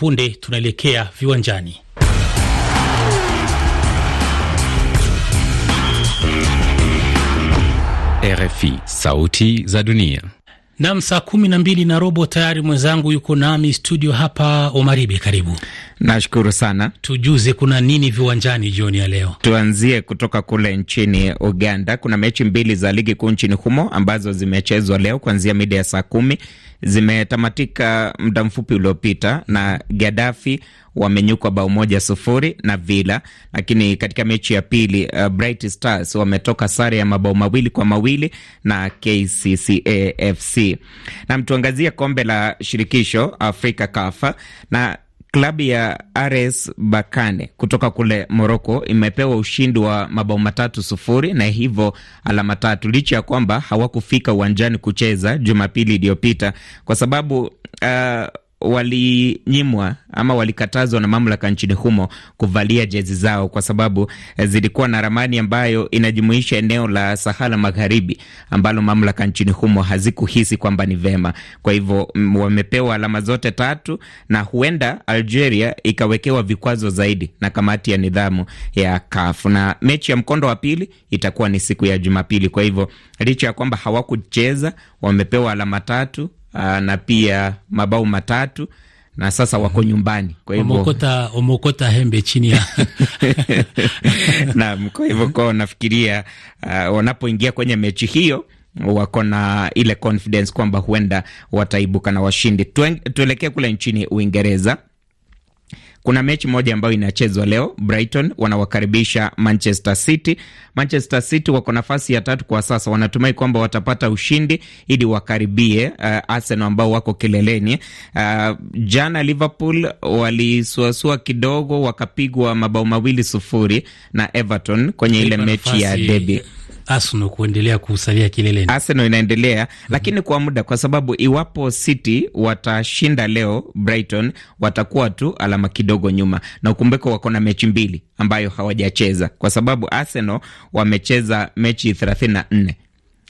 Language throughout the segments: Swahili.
punde tunaelekea viwanjani. RFI, sauti za dunia. Nam, saa kumi na mbili na robo tayari, mwenzangu yuko nami studio hapa Omaribi, karibu Nashukuru sana. Tujuze kuna nini viwanjani jioni ya leo? Tuanzie kutoka kule nchini Uganda. Kuna mechi mbili za ligi kuu nchini humo ambazo zimechezwa leo kuanzia mida ya saa kumi, zimetamatika muda mfupi uliopita, na Gadafi wamenyukwa bao moja sufuri na Vila. lakini katika mechi ya pili uh, Bright Stars wametoka sare ya mabao mawili kwa mawili na KCCA FC. Na mtuangazia kombe la shirikisho Afrika kafa na Klabu ya RS Bakane kutoka kule Moroko imepewa ushindi wa mabao matatu sufuri na hivyo alama tatu, licha ya kwamba hawakufika uwanjani kucheza Jumapili iliyopita kwa sababu uh, walinyimwa ama walikatazwa na mamlaka nchini humo kuvalia jezi zao kwa sababu eh, zilikuwa na ramani ambayo inajumuisha eneo la Sahara Magharibi ambalo mamlaka nchini humo hazikuhisi kwamba ni vema. Kwa hivyo mm, wamepewa alama zote tatu, na huenda Algeria ikawekewa vikwazo zaidi na kamati ya nidhamu ya CAF, na mechi ya mkondo wa pili itakuwa ni siku ya Jumapili. Kwa hivyo licha ya kwamba hawakucheza, wamepewa alama tatu Ah, na pia mabao matatu na sasa wako nyumbani, kwa hivyo umeokota umeokota hembe chini ya naam. Kwa hivyo kwa nafikiria uh, wanapoingia kwenye mechi hiyo wako na ile confidence kwamba huenda wataibuka na washindi. Tuelekee kule nchini Uingereza kuna mechi moja ambayo inachezwa leo, Brighton wanawakaribisha Manchester City. Manchester City wako nafasi ya tatu kwa sasa, wanatumai kwamba watapata ushindi ili wakaribie uh, Arsenal ambao wako kileleni. Uh, jana Liverpool walisuasua kidogo, wakapigwa mabao mawili sufuri na Everton kwenye ile mechi ya derby. Arsenal kuendelea kusalia kileleni. Arsenal inaendelea mm -hmm. lakini kwa muda, kwa sababu iwapo City watashinda leo Brighton watakuwa tu alama kidogo nyuma, na ukumbuko wako na mechi mbili ambayo hawajacheza kwa sababu Arsenal wamecheza mechi 34 na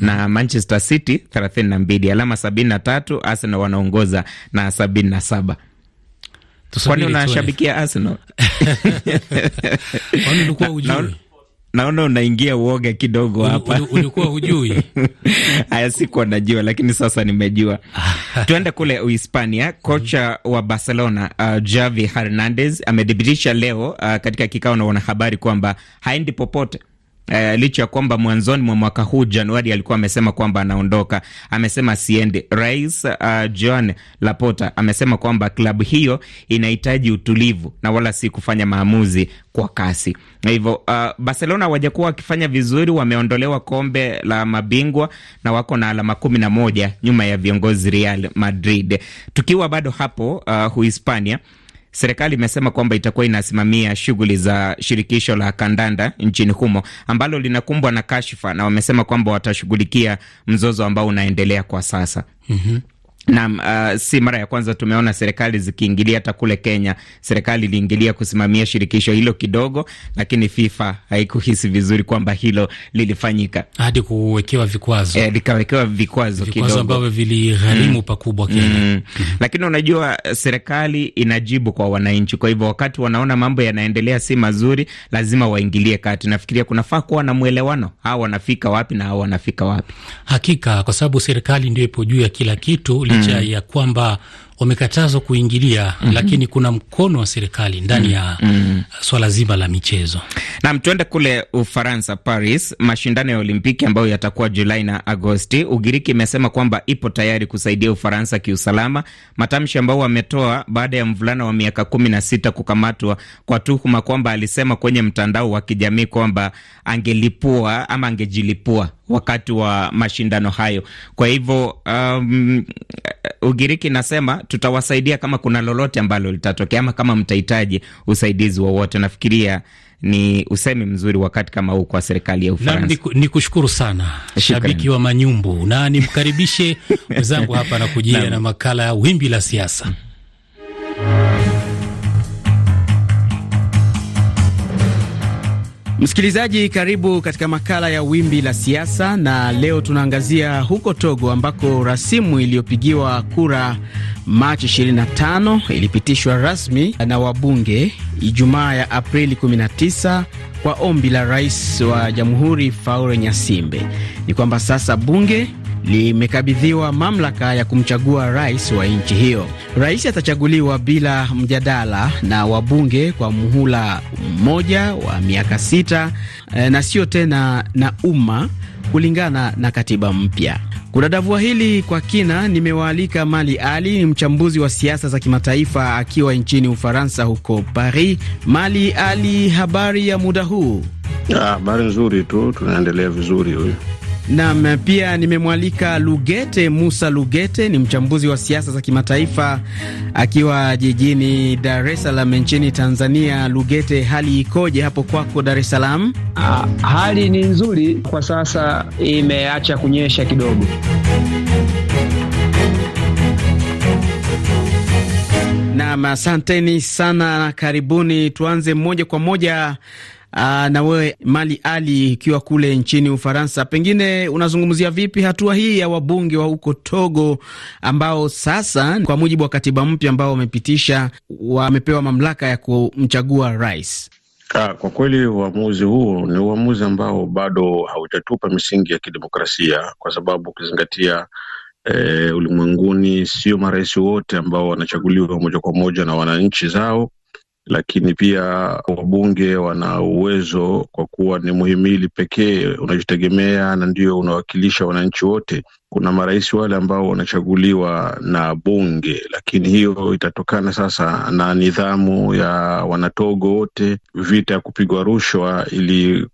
na mhm. Manchester City thelathini na mbili alama sabini na tatu. Arsenal wanaongoza na sabini na saba. Kwani unashabikia Arsenal? naona unaingia uoga kidogo hapa. Ulikuwa hujui? Haya, sikuwa najua, lakini sasa nimejua. Ah. Tuende kule Uhispania. Kocha wa Barcelona uh, Javi Hernandez amedhibitisha leo uh, katika kikao na wanahabari kwamba haendi popote Uh, licha ya kwamba mwanzoni mwa mwaka huu Januari alikuwa amesema kwamba anaondoka, amesema siende. Rais uh, John Laporta amesema kwamba klabu hiyo inahitaji utulivu na wala si kufanya maamuzi kwa kasi. Na hivyo uh, Barcelona wajakuwa wakifanya vizuri, wameondolewa kombe la mabingwa na wako na alama kumi na moja nyuma ya viongozi Real Madrid. Tukiwa bado hapo uh, Uhispania Serikali imesema kwamba itakuwa inasimamia shughuli za shirikisho la kandanda nchini humo ambalo linakumbwa na kashfa na wamesema kwamba watashughulikia mzozo ambao unaendelea kwa sasa. mm -hmm. Naam, uh, si mara ya kwanza tumeona serikali zikiingilia. Hata kule Kenya serikali iliingilia kusimamia shirikisho hilo kidogo, lakini FIFA haikuhisi vizuri kwamba hilo lilifanyika hadi kuwekewa vikwazo eh, likawekewa vikwazo kidogo, vikwazo ambavyo viligharimu mm, pakubwa Kenya mm. mm. Lakini unajua serikali inajibu kwa wananchi, kwa hivyo wakati wanaona mambo yanaendelea si mazuri, lazima waingilie kati. Nafikiria kunafaa kuwa na mwelewano, hawa wanafika wapi na hawa wanafika wapi, hakika kwa sababu serikali ndio ipo juu ya kila kitu licha mm. ya kwamba wamekatazwa kuingilia mm -hmm. Lakini kuna mkono wa serikali ndani mhm. ya mm -hmm. swala zima la michezo. Nam, tuende kule Ufaransa, Paris, mashindano ya Olimpiki ambayo yatakuwa Julai na Agosti. Ugiriki imesema kwamba ipo tayari kusaidia Ufaransa kiusalama, matamshi ambayo wametoa baada ya mvulana wa miaka kumi na sita kukamatwa kwa tuhuma kwamba alisema kwenye mtandao wa kijamii kwamba angelipua ama angejilipua wakati wa mashindano hayo. Kwa hivyo um, Ugiriki nasema tutawasaidia kama kuna lolote ambalo litatokea, ama kama mtahitaji usaidizi wowote. Nafikiria ni usemi mzuri wakati kama huu kwa serikali ya Ufaransa. Ni kushukuru sana Shukran. Shabiki wa manyumbu na nimkaribishe mwenzangu hapa na kujia na makala ya wimbi la siasa Msikilizaji, karibu katika makala ya wimbi la siasa, na leo tunaangazia huko Togo ambako rasimu iliyopigiwa kura Machi 25 ilipitishwa rasmi na wabunge Ijumaa ya Aprili 19 kwa ombi la rais wa jamhuri Faure Nyasimbe. Ni kwamba sasa bunge limekabidhiwa mamlaka ya kumchagua rais wa nchi hiyo. Rais atachaguliwa bila mjadala na wabunge kwa muhula mmoja wa miaka sita eh, na sio tena na umma, kulingana na katiba mpya. Kudadavua hili kwa kina, nimewaalika Mali Ali, ni mchambuzi wa siasa za kimataifa akiwa nchini Ufaransa, huko Paris. Mali Ali, habari ya muda huu? Ah, habari nzuri tu, tunaendelea vizuri. Huyu Nam, pia nimemwalika Lugete Musa. Lugete ni mchambuzi wa siasa za kimataifa akiwa jijini Dar es Salaam nchini Tanzania. Lugete, hali ikoje hapo kwako Dar es Salaam? Ah, hali ni nzuri kwa sasa, imeacha kunyesha kidogo. Nam, asanteni sana, karibuni. Tuanze moja kwa moja Aa, ah, na wewe Mali Ali, ikiwa kule nchini Ufaransa, pengine unazungumzia vipi hatua hii ya wabunge wa huko Togo ambao sasa kwa mujibu wa katiba mpya ambao wamepitisha wamepewa mamlaka ya kumchagua rais? Ah, kwa kweli uamuzi huo ni uamuzi ambao bado haujatupa misingi ya kidemokrasia kwa sababu ukizingatia e, ulimwenguni sio marais wote ambao wanachaguliwa moja kwa moja na wananchi zao lakini pia wabunge wana uwezo kwa kuwa ni muhimili pekee unajitegemea na ndio unawakilisha wananchi wote. Kuna marais wale ambao wanachaguliwa na bunge, lakini hiyo itatokana sasa na nidhamu ya Wanatogo wote. Vita ya kupigwa rushwa ili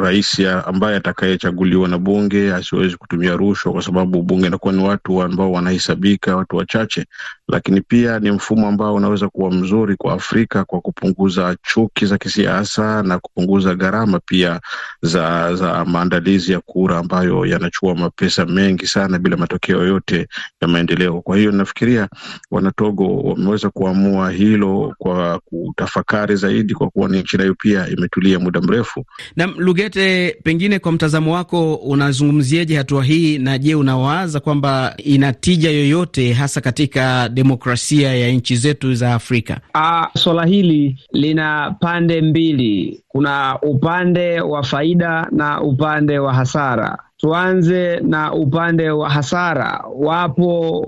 rais ambaye atakayechaguliwa na bunge asiwezi kutumia rushwa, kwa sababu bunge inakuwa ni watu ambao wanahesabika, watu wachache. Lakini pia ni mfumo ambao unaweza kuwa mzuri kwa Afrika kwa kupunguza chuki za kisiasa na kupunguza gharama pia za, za maandalizi ya kura ambayo yanachukua mapesa mengi sana bila matokeo yote ya maendeleo. Kwa hiyo nafikiria Wanatogo wameweza kuamua hilo kwa kutafakari zaidi, kwa kuwa ni nchi nayo pia imetulia muda mrefu na Lugete, pengine kwa mtazamo wako unazungumziaje hatua hii, na je, unawaza kwamba ina tija yoyote hasa katika demokrasia ya nchi zetu za Afrika? Ah, swala hili lina pande mbili, kuna upande wa faida na upande wa hasara. Tuanze na upande wa hasara. Wapo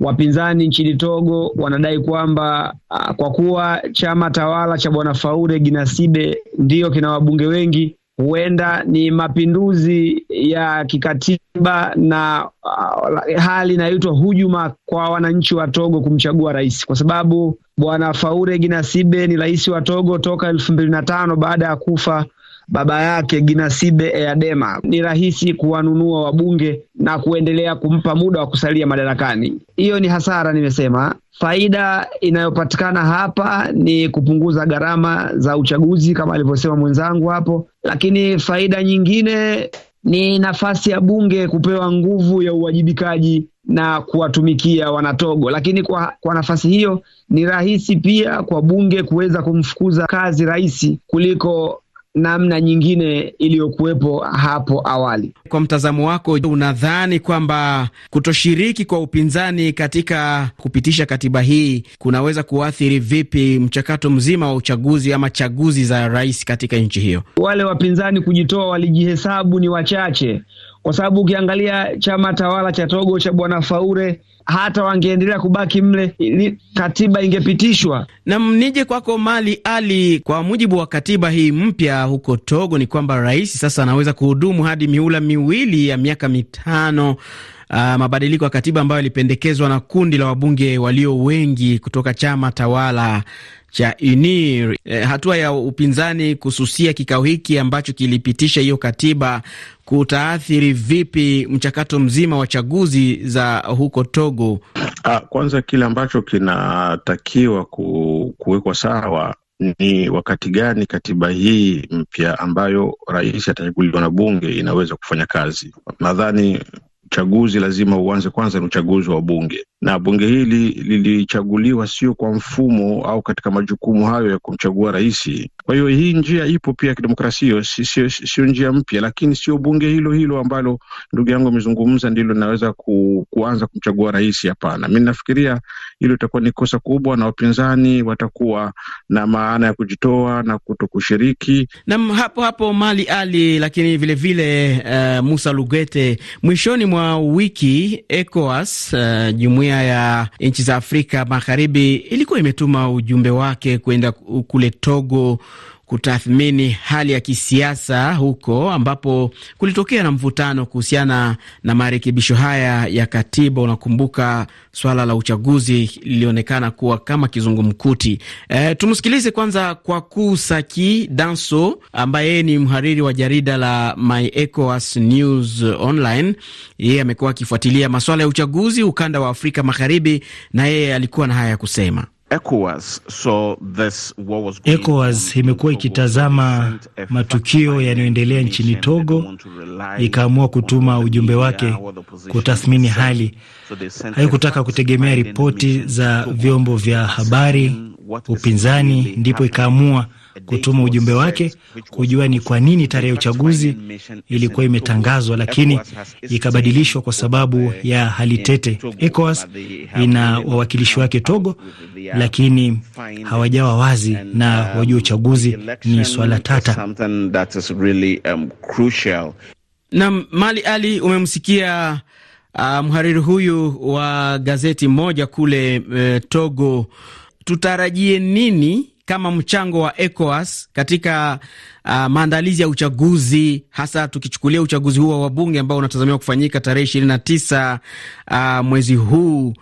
wapinzani nchini Togo wanadai kwamba ah, kwa kuwa chama tawala cha Bwana Faure Ginasibe ndiyo kina wabunge wengi, huenda ni mapinduzi ya kikatiba na uh, hali inayoitwa hujuma kwa wananchi wa Togo kumchagua rais, kwa sababu bwana Faure Ginasibe ni rais wa Togo toka elfu mbili na tano baada ya kufa baba yake Ginasibe Eyadema. Ni rahisi kuwanunua wabunge na kuendelea kumpa muda wa kusalia madarakani. Hiyo ni hasara nimesema. Faida inayopatikana hapa ni kupunguza gharama za uchaguzi kama alivyosema mwenzangu hapo, lakini faida nyingine ni nafasi ya bunge kupewa nguvu ya uwajibikaji na kuwatumikia Wanatogo. Lakini kwa, kwa nafasi hiyo ni rahisi pia kwa bunge kuweza kumfukuza kazi rais kuliko namna nyingine iliyokuwepo hapo awali. Kwa mtazamo wako, unadhani kwamba kutoshiriki kwa upinzani katika kupitisha katiba hii kunaweza kuathiri vipi mchakato mzima wa uchaguzi ama chaguzi za rais katika nchi hiyo? Wale wapinzani kujitoa, walijihesabu ni wachache kwa sababu ukiangalia chama tawala cha Togo cha Bwana Faure hata wangeendelea kubaki mle katiba ingepitishwa. Na nije kwako Mali Ali, kwa mujibu wa katiba hii mpya huko Togo ni kwamba rais sasa anaweza kuhudumu hadi mihula miwili ya miaka mitano. Uh, mabadiliko ya katiba ambayo yalipendekezwa na kundi la wabunge walio wengi kutoka chama tawala cha UNIR. E, hatua ya upinzani kususia kikao hiki ambacho kilipitisha hiyo katiba kutaathiri vipi mchakato mzima wa chaguzi za huko Togo? Ah, kwanza kile ambacho kinatakiwa ku, kuwekwa sawa ni wakati gani katiba hii mpya ambayo rais atachaguliwa na bunge inaweza kufanya kazi. Nadhani uchaguzi lazima uanze kwanza, ni uchaguzi wa bunge, na bunge hili lilichaguliwa sio kwa mfumo au katika majukumu hayo ya kumchagua rais. Kwa hiyo hii njia ipo pia ya kidemokrasia, sio njia mpya, lakini sio bunge hilo hilo ambalo ndugu yangu amezungumza ndilo linaweza ku, kuanza kumchagua rais. Hapana, mi nafikiria hilo itakuwa ni kosa kubwa, na wapinzani watakuwa na maana ya kujitoa na kuto kushiriki nam hapo hapo Mali Ali, lakini vilevile vile, uh, Musa Lugete mwishoni mwa mwa wiki ECOWAS, uh, jumuiya ya nchi za Afrika Magharibi ilikuwa imetuma ujumbe wake kwenda kule Togo kutathmini hali ya kisiasa huko ambapo kulitokea na mvutano kuhusiana na marekebisho haya ya katiba. Unakumbuka swala la uchaguzi lilionekana kuwa kama kizungumkuti. E, tumsikilize kwanza kuu Saki Danso ambaye ni mhariri wa jarida la My ECOWAS News Online. Yeye amekuwa akifuatilia maswala ya uchaguzi ukanda wa Afrika Magharibi, na yeye alikuwa na haya ya kusema. ECOWAS imekuwa ikitazama matukio yanayoendelea nchini Togo, ikaamua kutuma ujumbe wake kutathmini hali. Haikutaka kutegemea ripoti za vyombo vya habari, upinzani, ndipo ikaamua kutuma ujumbe wake kujua ni kwa nini tarehe ya uchaguzi ilikuwa imetangazwa lakini ikabadilishwa kwa sababu ya hali tete. ECOWAS ina wawakilishi wake Togo, lakini hawajawa wazi na um, wajua uchaguzi ni swala tata. Um, na Mali Ali, umemsikia uh, mhariri huyu wa gazeti moja kule uh, Togo. Tutarajie nini kama mchango wa ECOWAS katika uh, maandalizi ya uchaguzi hasa tukichukulia uchaguzi huu wa wabunge ambao unatazamiwa kufanyika tarehe ishirini na tisa uh, mwezi huu.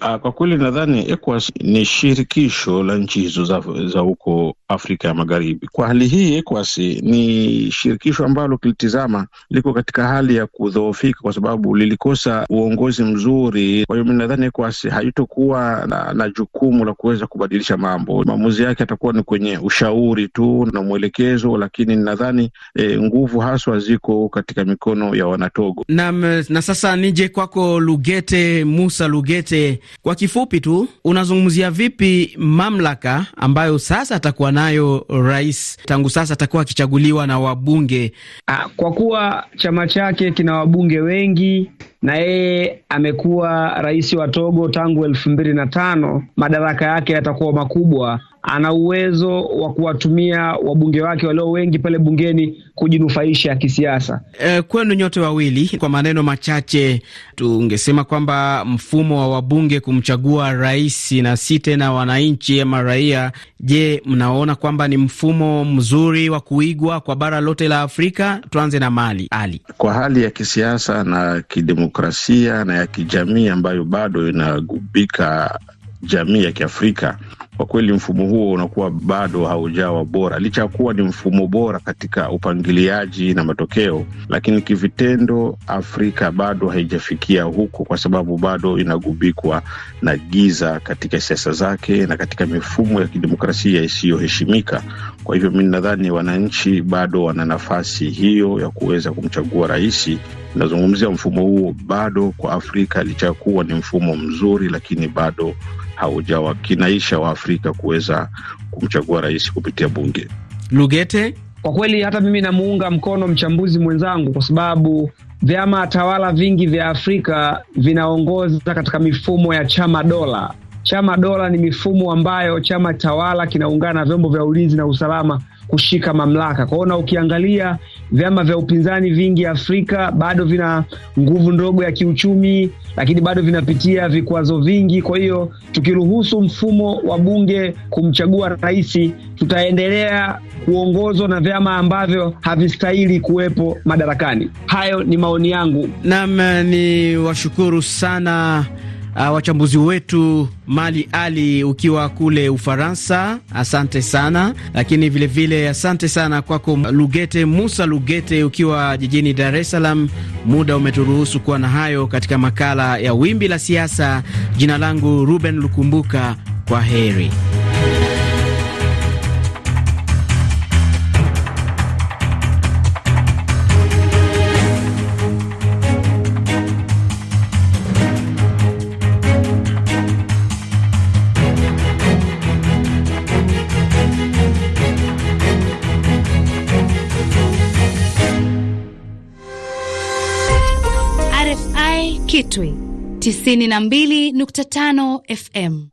Uh, kwa kweli nadhani ECOWAS ni shirikisho la nchi hizo za, za huko Afrika ya Magharibi. Kwa hali hii ECOWAS ni shirikisho ambalo kilitizama liko katika hali ya kudhoofika kwa sababu lilikosa uongozi mzuri. Kwa hiyo mi nadhani ECOWAS haitokuwa na, na jukumu la kuweza kubadilisha mambo. Maamuzi yake atakuwa ni kwenye ushauri tu na mwelekezo lakini nadhani e, nguvu haswa ziko katika mikono ya Wanatogo. Naam, na sasa nije kwako Lugete Musa Lugete, kwa kifupi tu unazungumzia vipi mamlaka ambayo sasa atakuwa nayo rais, tangu sasa atakuwa akichaguliwa na wabunge? A, ah, kwa kuwa chama chake kina wabunge wengi na yeye amekuwa rais wa Togo tangu elfu mbili na tano, madaraka yake yatakuwa makubwa ana uwezo wa kuwatumia wabunge wake walio wengi pale bungeni kujinufaisha kisiasa. E, kwenu nyote wawili, kwa maneno machache, tungesema kwamba mfumo wa wabunge kumchagua rais na si tena wananchi ama raia, je, mnaona kwamba ni mfumo mzuri wa kuigwa kwa bara lote la Afrika? Tuanze na Mali Ali. Kwa hali ya kisiasa na kidemokrasia na ya kijamii ambayo bado inagubika jamii ya Kiafrika, kwa kweli mfumo huo unakuwa bado haujawa bora, licha ya kuwa ni mfumo bora katika upangiliaji na matokeo, lakini kivitendo Afrika bado haijafikia huko, kwa sababu bado inagubikwa na giza katika siasa zake na katika mifumo ya kidemokrasia isiyoheshimika. Kwa hivyo mi nadhani wananchi bado wana nafasi hiyo ya kuweza kumchagua rais. Nazungumzia mfumo huo bado kwa Afrika, licha ya kuwa ni mfumo mzuri, lakini bado haujawakinaisha Waafrika kuweza kumchagua rais kupitia bunge. Lugete, kwa kweli hata mimi namuunga mkono mchambuzi mwenzangu kwa sababu vyama tawala vingi vya Afrika vinaongoza katika mifumo ya chama dola. Chama dola ni mifumo ambayo chama tawala kinaungana na vyombo vya ulinzi na usalama kushika mamlaka. Kwa hiyo na ukiangalia vyama vya upinzani vingi Afrika bado vina nguvu ndogo ya kiuchumi, lakini bado vinapitia vikwazo vingi. Kwa hiyo tukiruhusu mfumo wa bunge kumchagua rais, tutaendelea kuongozwa na vyama ambavyo havistahili kuwepo madarakani. Hayo ni maoni yangu. Naam, ni washukuru sana uh, wachambuzi wetu Mali Ali ukiwa kule Ufaransa, asante sana lakini vilevile vile, asante sana kwako Lugete Musa Lugete ukiwa jijini Dar es Salaam. Muda umeturuhusu kuwa na hayo katika makala ya Wimbi la Siasa. Jina langu Ruben Lukumbuka, kwa heri. 92.5 FM.